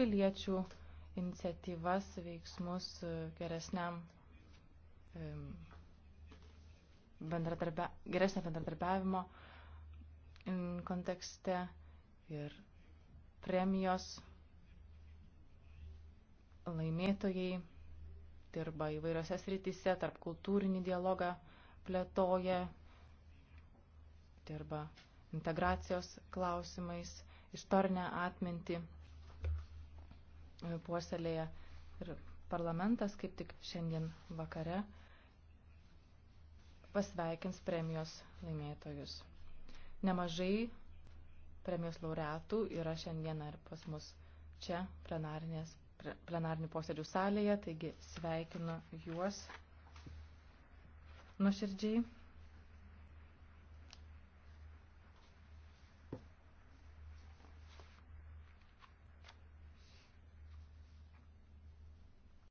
piliečių iniciatyvas, veiksmus e, geresniam bendradarbia, geresnio bendradarbiavimo kontekste ir premijos laimėtojai dirba įvairiose srityse, tarp kultūrinį dialogą plėtoja, dirba integracijos klausimais, istorinę atmintį puoselėja ir parlamentas, kaip tik šiandien vakare pasveikins premijos laimėtojus. Nemažai premijos laureatų yra šiandieną ir pas mus čia plenarinių posėdžių salėje, taigi sveikinu juos nuoširdžiai.